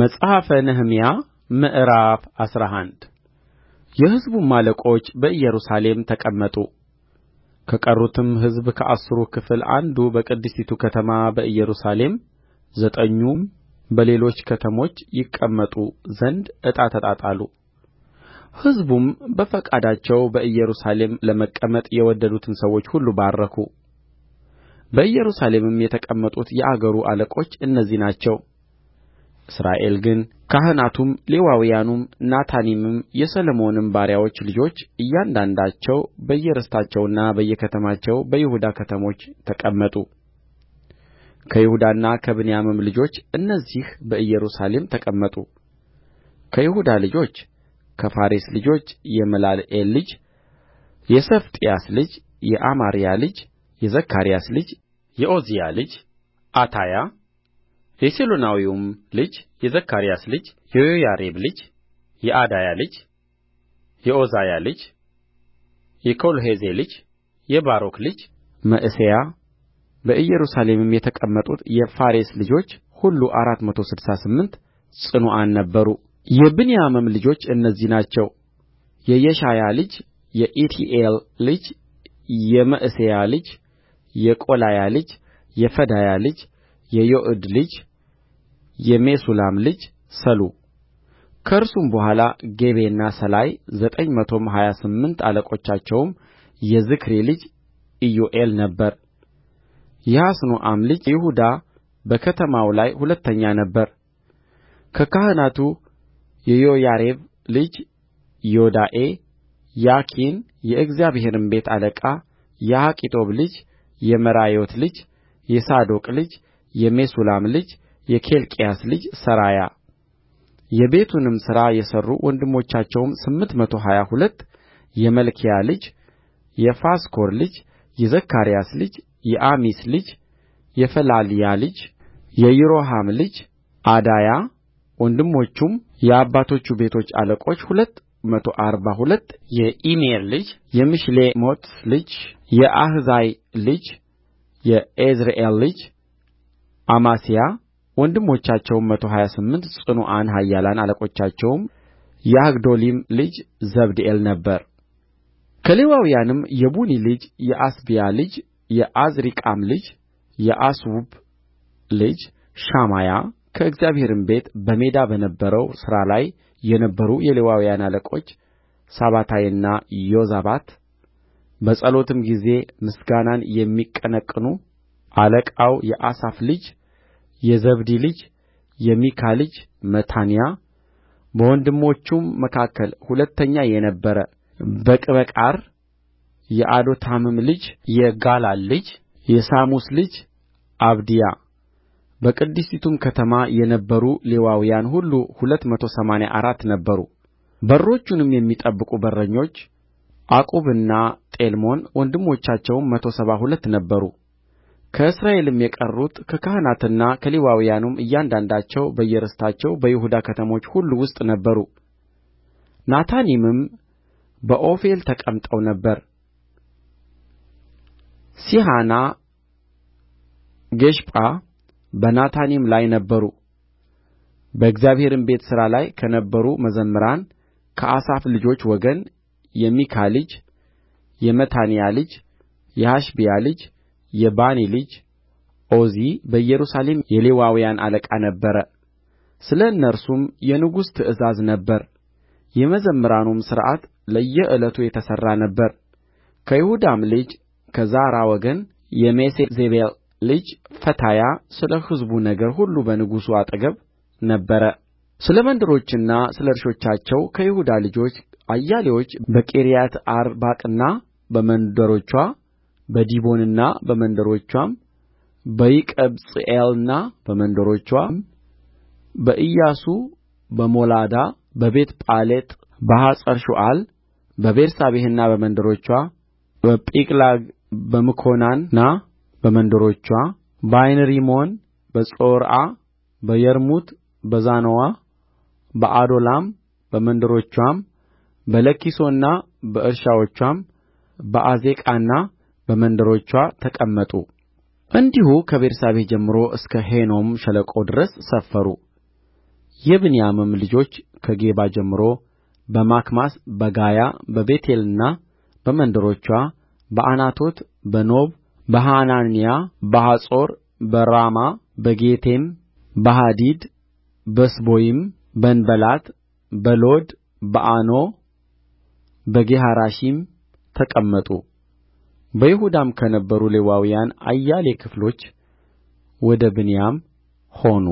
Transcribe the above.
መጽሐፈ ነህምያ ምዕራፍ አስራ አንድ የሕዝቡም አለቆች በኢየሩሳሌም ተቀመጡ። ከቀሩትም ሕዝብ ከአሥሩ ክፍል አንዱ በቅድስቲቱ ከተማ በኢየሩሳሌም ዘጠኙም በሌሎች ከተሞች ይቀመጡ ዘንድ ዕጣ ተጣጣሉ። ሕዝቡም በፈቃዳቸው በኢየሩሳሌም ለመቀመጥ የወደዱትን ሰዎች ሁሉ ባረኩ። በኢየሩሳሌምም የተቀመጡት የአገሩ አለቆች እነዚህ ናቸው እስራኤል ግን ካህናቱም ሌዋውያኑም ናታኒምም የሰሎሞንም ባሪያዎች ልጆች እያንዳንዳቸው በየርስታቸውና በየከተማቸው በይሁዳ ከተሞች ተቀመጡ ከይሁዳና ከብንያምም ልጆች እነዚህ በኢየሩሳሌም ተቀመጡ ከይሁዳ ልጆች ከፋሬስ ልጆች የመላልኤል ልጅ የሰፋጥያስ ልጅ የአማርያ ልጅ የዘካርያስ ልጅ የዖዝያ ልጅ አታያ የሴሎናዊውም ልጅ የዘካርያስ ልጅ የዮያሪብ ልጅ የዓዳያ ልጅ የዖዛያ ልጅ የኮልሖዜ ልጅ የባሮክ ልጅ መዕሤያ በኢየሩሳሌምም የተቀመጡት የፋሬስ ልጆች ሁሉ አራት መቶ ስድሳ ስምንት ጽኑዓን ነበሩ። የብንያምም ልጆች እነዚህ ናቸው። የየሻያ ልጅ የኢቲኤል ልጅ የመዕሤያ ልጅ የቆላያ ልጅ የፈዳያ ልጅ የዮእድ ልጅ የሜሱላም ልጅ ሰሉ ከእርሱም በኋላ ጌቤና ሰላይ ዘጠኝ መቶም ሀያ ስምንት አለቆቻቸውም የዝክሪ ልጅ ኢዮኤል ነበረ የሐስኑአም ልጅ ይሁዳ በከተማው ላይ ሁለተኛ ነበረ ከካህናቱ የዮያሪብ ልጅ ዮዳኤ ያኪን የእግዚአብሔርም ቤት አለቃ የአኪጦብ ልጅ የመራዮት ልጅ የሳዶቅ ልጅ የሜሱላም ልጅ የኬልቅያስ ልጅ ሠራያ የቤቱንም ሥራ የሠሩ ወንድሞቻቸውም ስምንት መቶ ሀያ ሁለት የመልክያ ልጅ የፋስኮር ልጅ የዘካርያስ ልጅ የአሚስ ልጅ የፈላልያ ልጅ የይሮሐም ልጅ ዓዳያ ወንድሞቹም የአባቶቹ ቤቶች አለቆች ሁለት መቶ አርባ ሁለት የኢሜር ልጅ የምሺሌሞት ልጅ የአሕዛይ ልጅ የኤዝርኤል ልጅ አማስያ ወንድሞቻቸውም መቶ ሀያ ስምንት ጽኑዓን ኃያላን አለቆቻቸውም የሐግዶሊም ልጅ ዘብድኤል ነበረ ከሌዋውያንም የቡኒ ልጅ የአሳብያ ልጅ የዓዝሪቃም ልጅ የአሱብ ልጅ ሻማያ ከእግዚአብሔርም ቤት በሜዳ በነበረው ሥራ ላይ የነበሩ የሌዋውያን አለቆች ሳባታይና ዮዛባት በጸሎትም ጊዜ ምስጋናን የሚቀነቅኑ አለቃው የአሳፍ ልጅ የዘብዲ ልጅ የሚካ ልጅ መታንያ በወንድሞቹም መካከል ሁለተኛ የነበረ በቅበቃር የኤዶታምም ልጅ የጋላል ልጅ የሳሙስ ልጅ አብድያ በቅድስቲቱም ከተማ የነበሩ ሌዋውያን ሁሉ ሁለት መቶ ሰማንያ አራት ነበሩ በሮቹንም የሚጠብቁ በረኞች ዓቁብና ጤልሞን ወንድሞቻቸውም መቶ ሰባ ሁለት ነበሩ ከእስራኤልም የቀሩት ከካህናትና ከሌዋውያኑም እያንዳንዳቸው በየርስታቸው በይሁዳ ከተሞች ሁሉ ውስጥ ነበሩ ናታኒምም በዖፌል ተቀምጠው ነበር ሲሐና ጊሽጳ በናታኒም ላይ ነበሩ በእግዚአብሔርም ቤት ሥራ ላይ ከነበሩ መዘምራን ከአሳፍ ልጆች ወገን የሚካ ልጅ የመታንያ ልጅ የሐሸቢያ ልጅ የባኒ ልጅ ኦዚ በኢየሩሳሌም የሌዋውያን አለቃ ነበረ ስለ እነርሱም የንጉሥ ትእዛዝ ነበረ የመዘምራኑም ሥርዓት ለየዕለቱ የተሠራ ነበረ ከይሁዳም ልጅ ከዛራ ወገን የሜሴዜቤል ልጅ ፈታያ ስለ ሕዝቡ ነገር ሁሉ በንጉሡ አጠገብ ነበረ ስለ መንደሮችና ስለ እርሾቻቸው ከይሁዳ ልጆች አያሌዎች በቂርያትአርባቅና በመንደሮችዋ በዲቦንና በመንደሮችዋም በይቀብጽኤልና በመንደሮችዋም በኢያሱ በሞላዳ በቤትጳሌጥ በሐጸርሹዓል በቤርሳቤህና በመንደሮችዋ በጺቅላግ በምኮናና በመንደሮችዋ በዓይንሪሞን በጾርዓ በየርሙት በዛኖዋ በአዶላም በመንደሮችዋም በለኪሶና በእርሻዎችዋም በዓዜቃና በመንደሮችዋ ተቀመጡ እንዲሁ ከቤርሳቤህ ጀምሮ እስከ ሄኖም ሸለቆ ድረስ ሰፈሩ የብንያምም ልጆች ከጌባ ጀምሮ በማክማስ በጋያ በቤቴልና በመንደሮችዋ በዓናቶት በኖብ በሐናንያ በሐጾር በራማ በጌቴም በሐዲድ በስቦይም በንበላት በሎድ በኦኖ በጌሃራሺም ተቀመጡ በይሁዳም ከነበሩ ሌዋውያን አያሌ ክፍሎች ወደ ብንያም ሆኑ